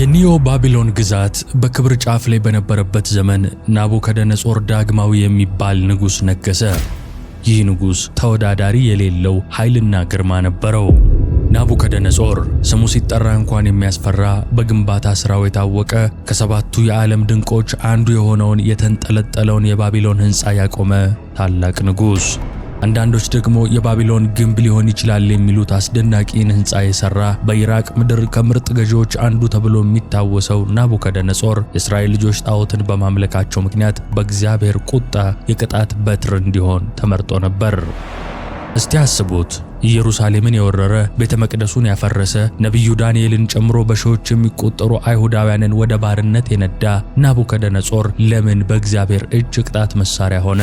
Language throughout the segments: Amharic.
የኒዮ ባቢሎን ግዛት በክብር ጫፍ ላይ በነበረበት ዘመን ናቡከደነጾር ዳግማዊ የሚባል ንጉሥ ነገሰ። ይህ ንጉሥ ተወዳዳሪ የሌለው ኃይልና ግርማ ነበረው። ናቡከደነጾር ስሙ ሲጠራ እንኳን የሚያስፈራ በግንባታ ሥራው የታወቀ ከሰባቱ የዓለም ድንቆች አንዱ የሆነውን የተንጠለጠለውን የባቢሎን ሕንፃ ያቆመ ታላቅ ንጉሥ አንዳንዶች ደግሞ የባቢሎን ግንብ ሊሆን ይችላል የሚሉት አስደናቂን ህንፃ የሰራ በኢራቅ ምድር ከምርጥ ገዢዎች አንዱ ተብሎ የሚታወሰው ናቡከደነጾር የእስራኤል ልጆች ጣዖትን በማምለካቸው ምክንያት በእግዚአብሔር ቁጣ የቅጣት በትር እንዲሆን ተመርጦ ነበር። እስቲ አስቡት፣ ኢየሩሳሌምን የወረረ ቤተ መቅደሱን ያፈረሰ ነቢዩ ዳንኤልን ጨምሮ በሺዎች የሚቆጠሩ አይሁዳውያንን ወደ ባርነት የነዳ ናቡከደነጾር ለምን በእግዚአብሔር እጅ ቅጣት መሳሪያ ሆነ?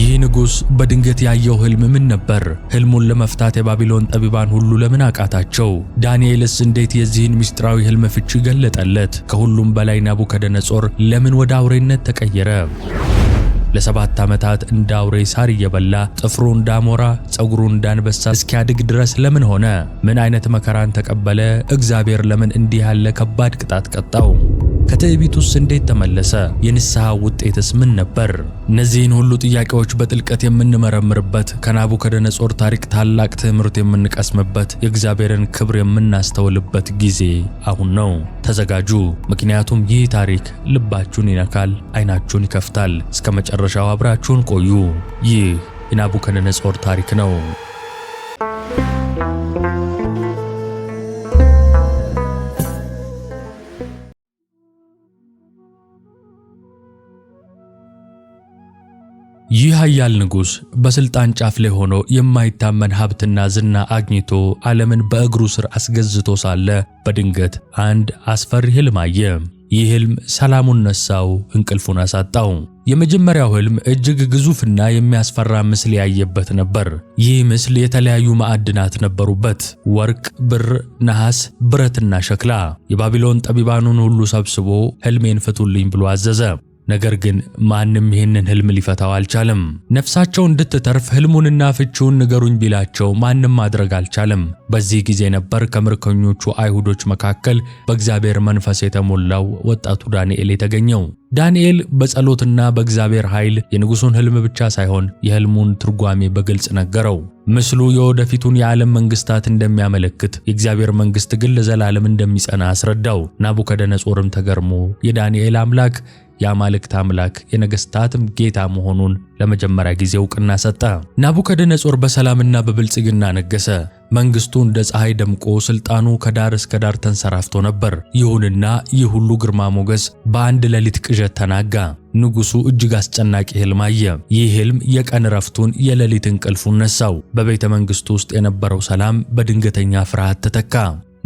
ይህ ንጉሥ በድንገት ያየው ህልም ምን ነበር? ህልሙን ለመፍታት የባቢሎን ጠቢባን ሁሉ ለምን አቃታቸው? ዳንኤልስ እንዴት የዚህን ምስጢራዊ ህልም ፍቺ ገለጠለት? ከሁሉም በላይ ናቡከደነጾር ለምን ወደ አውሬነት ተቀየረ? ለሰባት ዓመታት እንደ አውሬ ሳር እየበላ ጥፍሩ እንዳሞራ ጸጉሩ እንዳንበሳ እስኪያድግ ድረስ ለምን ሆነ? ምን አይነት መከራን ተቀበለ? እግዚአብሔር ለምን እንዲህ ያለ ከባድ ቅጣት ቀጣው? ከትዕቢቱስ እንዴት ተመለሰ? የንስሐ ውጤትስ ምን ነበር? እነዚህን ሁሉ ጥያቄዎች በጥልቀት የምንመረምርበት፣ ከናቡከደነጾር ታሪክ ታላቅ ትምህርት የምንቀስምበት፣ የእግዚአብሔርን ክብር የምናስተውልበት ጊዜ አሁን ነው። ተዘጋጁ፣ ምክንያቱም ይህ ታሪክ ልባችሁን ይነካል፣ አይናችሁን ይከፍታል። እስከ መጨረሻው አብራችሁን ቆዩ። ይህ የናቡከደነጾር ታሪክ ነው። ኃያል ንጉሥ በሥልጣን ጫፍ ላይ ሆኖ የማይታመን ሀብትና ዝና አግኝቶ ዓለምን በእግሩ ሥር አስገዝቶ ሳለ በድንገት አንድ አስፈሪ ሕልም አየ። ይህ ሕልም ሰላሙን ነሳው፣ እንቅልፉን አሳጣው። የመጀመሪያው ሕልም እጅግ ግዙፍና የሚያስፈራ ምስል ያየበት ነበር። ይህ ምስል የተለያዩ ማዕድናት ነበሩበት፤ ወርቅ፣ ብር፣ ነሐስ፣ ብረትና ሸክላ። የባቢሎን ጠቢባኑን ሁሉ ሰብስቦ ሕልሜን ፍቱልኝ ብሎ አዘዘ። ነገር ግን ማንም ይህንን ህልም ሊፈታው አልቻለም። ነፍሳቸው እንድትተርፍ ህልሙንና ፍቺውን ንገሩኝ ቢላቸው ማንም ማድረግ አልቻለም። በዚህ ጊዜ ነበር ከምርኮኞቹ አይሁዶች መካከል በእግዚአብሔር መንፈስ የተሞላው ወጣቱ ዳንኤል የተገኘው። ዳንኤል በጸሎትና በእግዚአብሔር ኃይል የንጉሡን ህልም ብቻ ሳይሆን የህልሙን ትርጓሜ በግልጽ ነገረው። ምስሉ የወደፊቱን የዓለም መንግስታት እንደሚያመለክት፣ የእግዚአብሔር መንግስት ግን ለዘላለም እንደሚጸና አስረዳው። ናቡከደነጾርም ተገርሞ የዳንኤል አምላክ የአማልክት አምላክ የነገሥታትም ጌታ መሆኑን ለመጀመሪያ ጊዜ እውቅና ሰጠ። ናቡከደነጾር በሰላምና በብልጽግና ነገሰ። መንግሥቱ እንደ ፀሐይ ደምቆ ሥልጣኑ ከዳር እስከ ዳር ተንሰራፍቶ ነበር። ይሁንና ይህ ሁሉ ግርማ ሞገስ በአንድ ሌሊት ቅዠት ተናጋ። ንጉሡ እጅግ አስጨናቂ ሕልም አየ። ይህ ሕልም የቀን ረፍቱን የሌሊት እንቅልፉን ነሳው። በቤተ መንግሥቱ ውስጥ የነበረው ሰላም በድንገተኛ ፍርሃት ተተካ።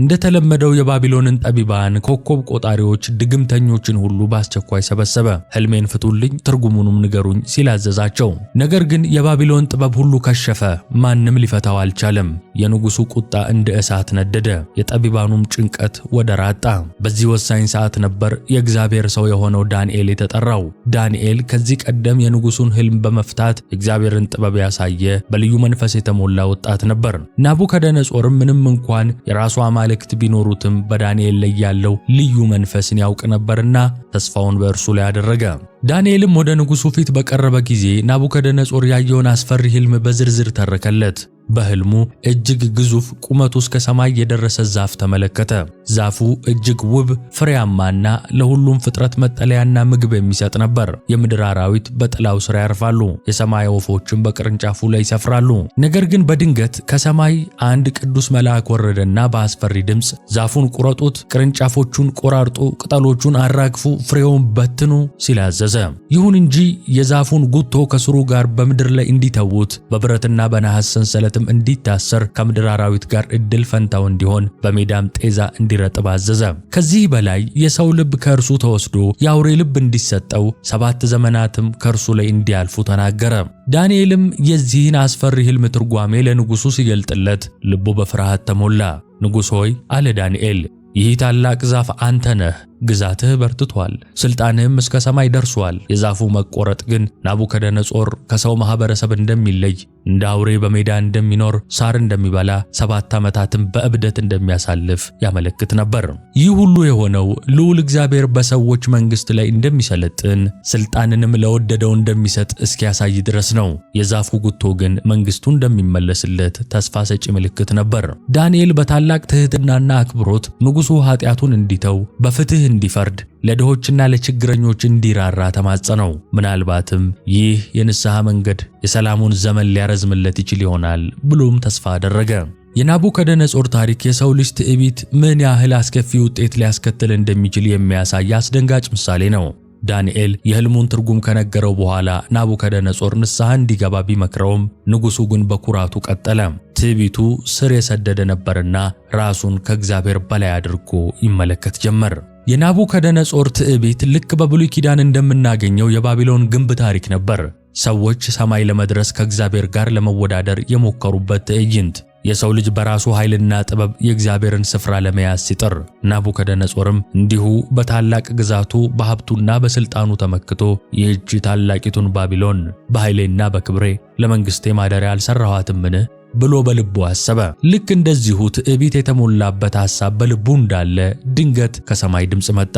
እንደተለመደው የባቢሎንን ጠቢባን፣ ኮከብ ቆጣሪዎች፣ ድግምተኞችን ሁሉ በአስቸኳይ ሰበሰበ። ህልሜን ፍቱልኝ፣ ትርጉሙንም ንገሩኝ ሲል አዘዛቸው። ነገር ግን የባቢሎን ጥበብ ሁሉ ከሸፈ፣ ማንም ሊፈታው አልቻለም። የንጉሱ ቁጣ እንደ እሳት ነደደ፣ የጠቢባኑም ጭንቀት ወደር አጣ። በዚህ ወሳኝ ሰዓት ነበር የእግዚአብሔር ሰው የሆነው ዳንኤል የተጠራው። ዳንኤል ከዚህ ቀደም የንጉሱን ህልም በመፍታት የእግዚአብሔርን ጥበብ ያሳየ በልዩ መንፈስ የተሞላ ወጣት ነበር። ናቡከደነጾርም ምንም እንኳን የራሱ አማ አማልክት ቢኖሩትም በዳንኤል ላይ ያለው ልዩ መንፈስን ያውቅ ነበርና ተስፋውን በእርሱ ላይ አደረገ። ዳንኤልም ወደ ንጉሡ ፊት በቀረበ ጊዜ ናቡከደነጾር ያየውን አስፈሪ ሕልም በዝርዝር ተረከለት። በሕልሙ እጅግ ግዙፍ ቁመቱ እስከ ሰማይ የደረሰ ዛፍ ተመለከተ። ዛፉ እጅግ ውብ፣ ፍሬያማና ለሁሉም ፍጥረት መጠለያና ምግብ የሚሰጥ ነበር። የምድር አራዊት በጥላው ስር ያርፋሉ፣ የሰማይ ወፎችም በቅርንጫፉ ላይ ይሰፍራሉ። ነገር ግን በድንገት ከሰማይ አንድ ቅዱስ መልአክ ወረደና በአስፈሪ ድምፅ ዛፉን ቁረጡት፣ ቅርንጫፎቹን ቆራርጡ፣ ቅጠሎቹን አራግፉ፣ ፍሬውን በትኑ ሲል አዘዘ። ተመረዘ። ይሁን እንጂ የዛፉን ጉቶ ከስሩ ጋር በምድር ላይ እንዲተዉት በብረትና በነሐስ ሰንሰለትም እንዲታሰር ከምድር አራዊት ጋር እድል ፈንታው እንዲሆን በሜዳም ጤዛ እንዲረጥብ አዘዘ። ከዚህ በላይ የሰው ልብ ከእርሱ ተወስዶ የአውሬ ልብ እንዲሰጠው ሰባት ዘመናትም ከእርሱ ላይ እንዲያልፉ ተናገረ። ዳንኤልም የዚህን አስፈሪ ሕልም ትርጓሜ ለንጉሡ ሲገልጥለት ልቡ በፍርሃት ተሞላ። ንጉሥ ሆይ አለ ዳንኤል ይህ ታላቅ ዛፍ አንተ ነህ ግዛትህ በርትቷል፣ ስልጣንህም እስከ ሰማይ ደርሷል። የዛፉ መቆረጥ ግን ናቡከደነጾር ከሰው ማህበረሰብ እንደሚለይ እንደ አውሬ በሜዳ እንደሚኖር ሳር እንደሚበላ ሰባት ዓመታትም በእብደት እንደሚያሳልፍ ያመለክት ነበር። ይህ ሁሉ የሆነው ልዑል እግዚአብሔር በሰዎች መንግሥት ላይ እንደሚሰለጥን ስልጣንንም ለወደደው እንደሚሰጥ እስኪያሳይ ድረስ ነው። የዛፉ ጉቶ ግን መንግሥቱ እንደሚመለስለት ተስፋ ሰጪ ምልክት ነበር። ዳንኤል በታላቅ ትሕትናና አክብሮት ንጉሡ ኃጢአቱን እንዲተው በፍትህ እንዲፈርድ ለድሆችና ለችግረኞች እንዲራራ ተማጸነው። ምናልባትም ይህ የንስሐ መንገድ የሰላሙን ዘመን ሊያረዝምለት ይችል ይሆናል ብሎም ተስፋ አደረገ። የናቡከደነጾር ታሪክ የሰው ልጅ ትዕቢት ምን ያህል አስከፊ ውጤት ሊያስከትል እንደሚችል የሚያሳይ አስደንጋጭ ምሳሌ ነው። ዳንኤል የሕልሙን ትርጉም ከነገረው በኋላ ናቡከደነጾር ንስሐ እንዲገባ ቢመክረውም ንጉሡ ግን በኩራቱ ቀጠለ። ትዕቢቱ ስር የሰደደ ነበርና ራሱን ከእግዚአብሔር በላይ አድርጎ ይመለከት ጀመር። የናቡከደነጾር ትዕቢት ልክ በብሉይ ኪዳን እንደምናገኘው የባቢሎን ግንብ ታሪክ ነበር። ሰዎች ሰማይ ለመድረስ ከእግዚአብሔር ጋር ለመወዳደር የሞከሩበት ትዕይንት። የሰው ልጅ በራሱ ኃይልና ጥበብ የእግዚአብሔርን ስፍራ ለመያዝ ሲጥር፣ ናቡከደነጾርም እንዲሁ በታላቅ ግዛቱ በሀብቱና በሥልጣኑ ተመክቶ ይህች ታላቂቱን ባቢሎን በኃይሌና በክብሬ ለመንግሥቴ ማደሪያ አልሠራኋትምን ብሎ በልቡ አሰበ። ልክ እንደዚሁ ትዕቢት የተሞላበት ሐሳብ በልቡ እንዳለ ድንገት ከሰማይ ድምፅ መጣ።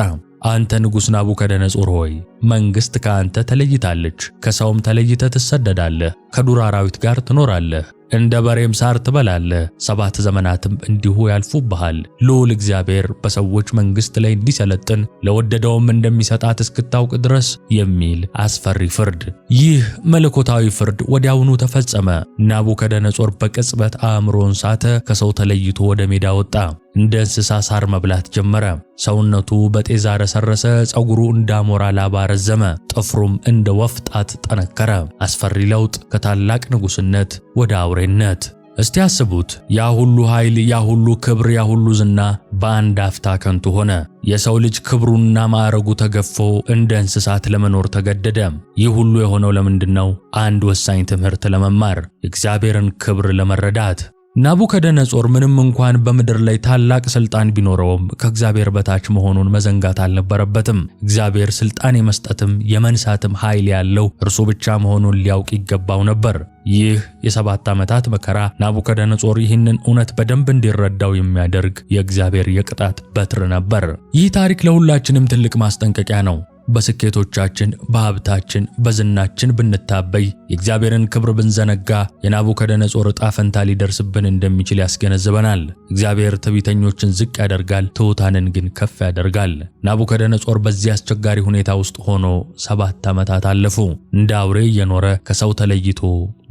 አንተ ንጉሥ ናቡከደነጾር ሆይ መንግሥት ከአንተ ተለይታለች፣ ከሰውም ተለይተ ትሰደዳለህ፣ ከዱር አራዊት ጋር ትኖራለህ፣ እንደ በሬም ሳር ትበላለህ፣ ሰባት ዘመናትም እንዲሁ ያልፉብሃል። ልዑል እግዚአብሔር በሰዎች መንግሥት ላይ እንዲሰለጥን ለወደደውም እንደሚሰጣት እስክታውቅ ድረስ የሚል አስፈሪ ፍርድ። ይህ መለኮታዊ ፍርድ ወዲያውኑ ተፈጸመ። ናቡከደነጾር በቅጽበት አእምሮን ሳተ፣ ከሰው ተለይቶ ወደ ሜዳ ወጣ። እንደ እንስሳ ሳር መብላት ጀመረ። ሰውነቱ በጤዛ ረሰረሰ፣ ፀጉሩ እንደ አሞራ ላባ ረዘመ፣ ጥፍሩም እንደ ወፍጣት ጠነከረ። አስፈሪ ለውጥ ከታላቅ ንጉስነት ወደ አውሬነት። እስቲ አስቡት፣ ያ ሁሉ ኃይል፣ ያ ሁሉ ክብር፣ ያ ሁሉ ዝና በአንድ አፍታ ከንቱ ሆነ። የሰው ልጅ ክብሩና ማዕረጉ ተገፎ እንደ እንስሳት ለመኖር ተገደደ። ይህ ሁሉ የሆነው ለምንድን ነው? አንድ ወሳኝ ትምህርት ለመማር፣ የእግዚአብሔርን ክብር ለመረዳት። ናቡከደነጾር ምንም እንኳን በምድር ላይ ታላቅ ስልጣን ቢኖረውም ከእግዚአብሔር በታች መሆኑን መዘንጋት አልነበረበትም። እግዚአብሔር ስልጣን የመስጠትም የመንሳትም ኃይል ያለው እርሱ ብቻ መሆኑን ሊያውቅ ይገባው ነበር። ይህ የሰባት ዓመታት መከራ ናቡከደነጾር ይህንን እውነት በደንብ እንዲረዳው የሚያደርግ የእግዚአብሔር የቅጣት በትር ነበር። ይህ ታሪክ ለሁላችንም ትልቅ ማስጠንቀቂያ ነው። በስኬቶቻችን፣ በሀብታችን፣ በዝናችን ብንታበይ፣ የእግዚአብሔርን ክብር ብንዘነጋ የናቡከደነጾር ዕጣ ፈንታ ሊደርስብን እንደሚችል ያስገነዝበናል። እግዚአብሔር ትዕቢተኞችን ዝቅ ያደርጋል፣ ትሑታንን ግን ከፍ ያደርጋል። ናቡከደነጾር በዚህ አስቸጋሪ ሁኔታ ውስጥ ሆኖ ሰባት ዓመታት አለፉ። እንደ አውሬ እየኖረ ከሰው ተለይቶ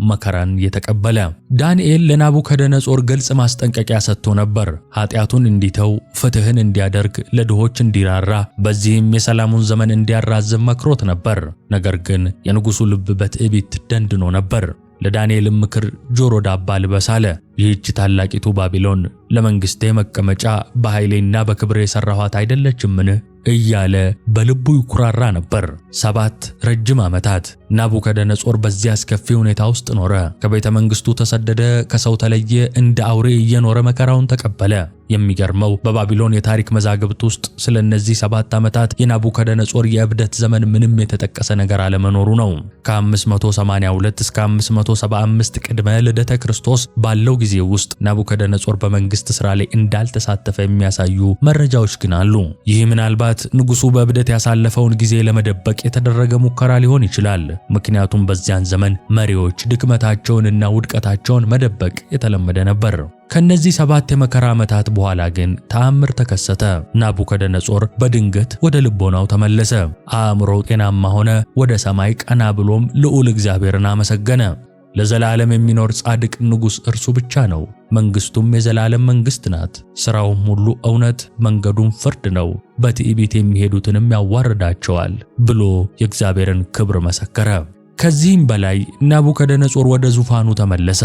መከራን የተቀበለ። ዳንኤል ለናቡከደነጾር ግልጽ ማስጠንቀቂያ ሰጥቶ ነበር፤ ኃጢአቱን እንዲተው፣ ፍትህን እንዲያደርግ፣ ለድሆች እንዲራራ፣ በዚህም የሰላሙን ዘመን እንዲያራዝም መክሮት ነበር። ነገር ግን የንጉሡ ልብ በትዕቢት ደንድኖ ነበር። ለዳንኤልም ምክር ጆሮ ዳባ ልበስ አለ። ይህች ታላቂቱ ባቢሎን ለመንግሥቴ መቀመጫ በኃይሌና በክብሬ የሠራኋት አይደለችምን? እያለ በልቡ ይኩራራ ነበር። ሰባት ረጅም ዓመታት ናቡከደነጾር በዚያ አስከፊ ሁኔታ ውስጥ ኖረ። ከቤተ መንግሥቱ ተሰደደ፣ ከሰው ተለየ፣ እንደ አውሬ እየኖረ መከራውን ተቀበለ። የሚገርመው በባቢሎን የታሪክ መዛግብት ውስጥ ስለ እነዚህ ሰባት ዓመታት የናቡከደነጾር የእብደት ዘመን ምንም የተጠቀሰ ነገር አለመኖሩ ነው። ከ582 እስከ 575 ቅድመ ልደተ ክርስቶስ ባለው ጊዜ ውስጥ ናቡከደነጾር በመንግሥት ሥራ ላይ እንዳልተሳተፈ የሚያሳዩ መረጃዎች ግን አሉ። ይህ ምናልባት ምክንያት ንጉሱ በእብደት ያሳለፈውን ጊዜ ለመደበቅ የተደረገ ሙከራ ሊሆን ይችላል። ምክንያቱም በዚያን ዘመን መሪዎች ድክመታቸውንና ውድቀታቸውን መደበቅ የተለመደ ነበር። ከነዚህ ሰባት የመከራ ዓመታት በኋላ ግን ተአምር ተከሰተ። ናቡከደነጾር በድንገት ወደ ልቦናው ተመለሰ። አእምሮ ጤናማ ሆነ። ወደ ሰማይ ቀና ብሎም ልዑል እግዚአብሔርን አመሰገነ። ለዘላለም የሚኖር ጻድቅ ንጉሥ እርሱ ብቻ ነው። መንግሥቱም የዘላለም መንግሥት ናት። ሥራውም ሁሉ እውነት፣ መንገዱም ፍርድ ነው። በትዕቢት የሚሄዱትንም ያዋርዳቸዋል ብሎ የእግዚአብሔርን ክብር መሰከረ። ከዚህም በላይ ናቡከደነጾር ወደ ዙፋኑ ተመለሰ።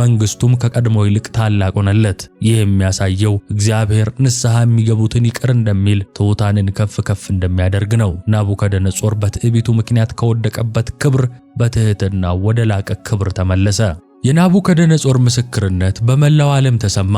መንግስቱም ከቀድሞ ይልቅ ታላቅ ሆነለት። ይህ የሚያሳየው እግዚአብሔር ንስሐ የሚገቡትን ይቅር እንደሚል፣ ትሑታንን ከፍ ከፍ እንደሚያደርግ ነው። ናቡከደነጾር በትዕቢቱ ምክንያት ከወደቀበት ክብር በትሕትና ወደ ላቀ ክብር ተመለሰ። የናቡከደነጾር ምስክርነት በመላው ዓለም ተሰማ።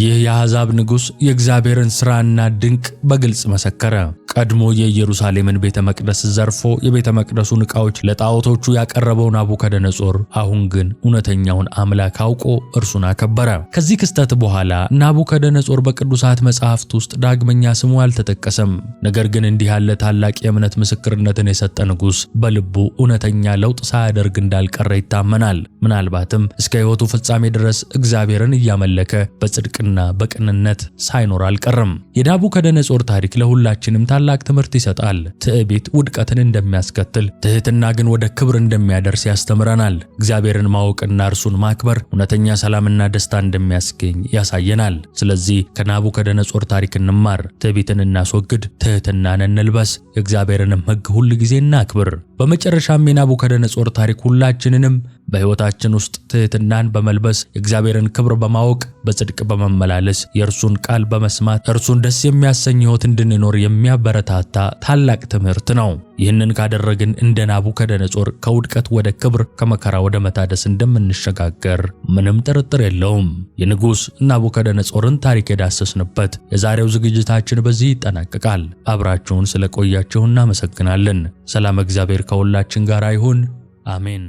ይህ የአሕዛብ ንጉሥ የእግዚአብሔርን ሥራና ድንቅ በግልጽ መሰከረ። ቀድሞ የኢየሩሳሌምን ቤተ መቅደስ ዘርፎ የቤተ መቅደሱን ዕቃዎች ለጣዖቶቹ ያቀረበው ናቡከደነጾር አሁን ግን እውነተኛውን አምላክ አውቆ እርሱን አከበረ። ከዚህ ክስተት በኋላ ናቡከደነጾር በቅዱሳት መጽሐፍት ውስጥ ዳግመኛ ስሙ አልተጠቀሰም። ነገር ግን እንዲህ ያለ ታላቅ የእምነት ምስክርነትን የሰጠ ንጉሥ በልቡ እውነተኛ ለውጥ ሳያደርግ እንዳልቀረ ይታመናል። ምናልባትም እስከ ሕይወቱ ፍጻሜ ድረስ እግዚአብሔርን እያመለከ በጽድቅና በቅንነት ሳይኖር አልቀረም። የናቡከደነጾር ታሪክ ለሁላችንም ታላ ታላቅ ትምህርት ይሰጣል። ትዕቢት ውድቀትን እንደሚያስከትል፣ ትህትና ግን ወደ ክብር እንደሚያደርስ ያስተምረናል። እግዚአብሔርን ማወቅና እርሱን ማክበር እውነተኛ ሰላምና ደስታ እንደሚያስገኝ ያሳየናል። ስለዚህ ከናቡከደነጾር ታሪክ እንማር፣ ትዕቢትን እናስወግድ፣ ትህትናን እንልበስ፣ የእግዚአብሔርንም ሕግ ሁል ጊዜ እናክብር። በመጨረሻም የናቡከደነጾር ታሪክ ሁላችንንም በሕይወታችን ውስጥ ትሕትናን በመልበስ የእግዚአብሔርን ክብር በማወቅ በጽድቅ በመመላለስ የእርሱን ቃል በመስማት እርሱን ደስ የሚያሰኝ ሕይወት እንድንኖር የሚያበረታታ ታላቅ ትምህርት ነው። ይህንን ካደረግን እንደ ናቡከደነጾር ከውድቀት ወደ ክብር፣ ከመከራ ወደ መታደስ እንደምንሸጋገር ምንም ጥርጥር የለውም። የንጉሥ ናቡከደነጾርን ታሪክ የዳሰስንበት የዛሬው ዝግጅታችን በዚህ ይጠናቀቃል። አብራችሁን ስለቆያችሁ እናመሰግናለን። ሰላም፣ እግዚአብሔር ከሁላችን ጋር ይሁን። አሜን።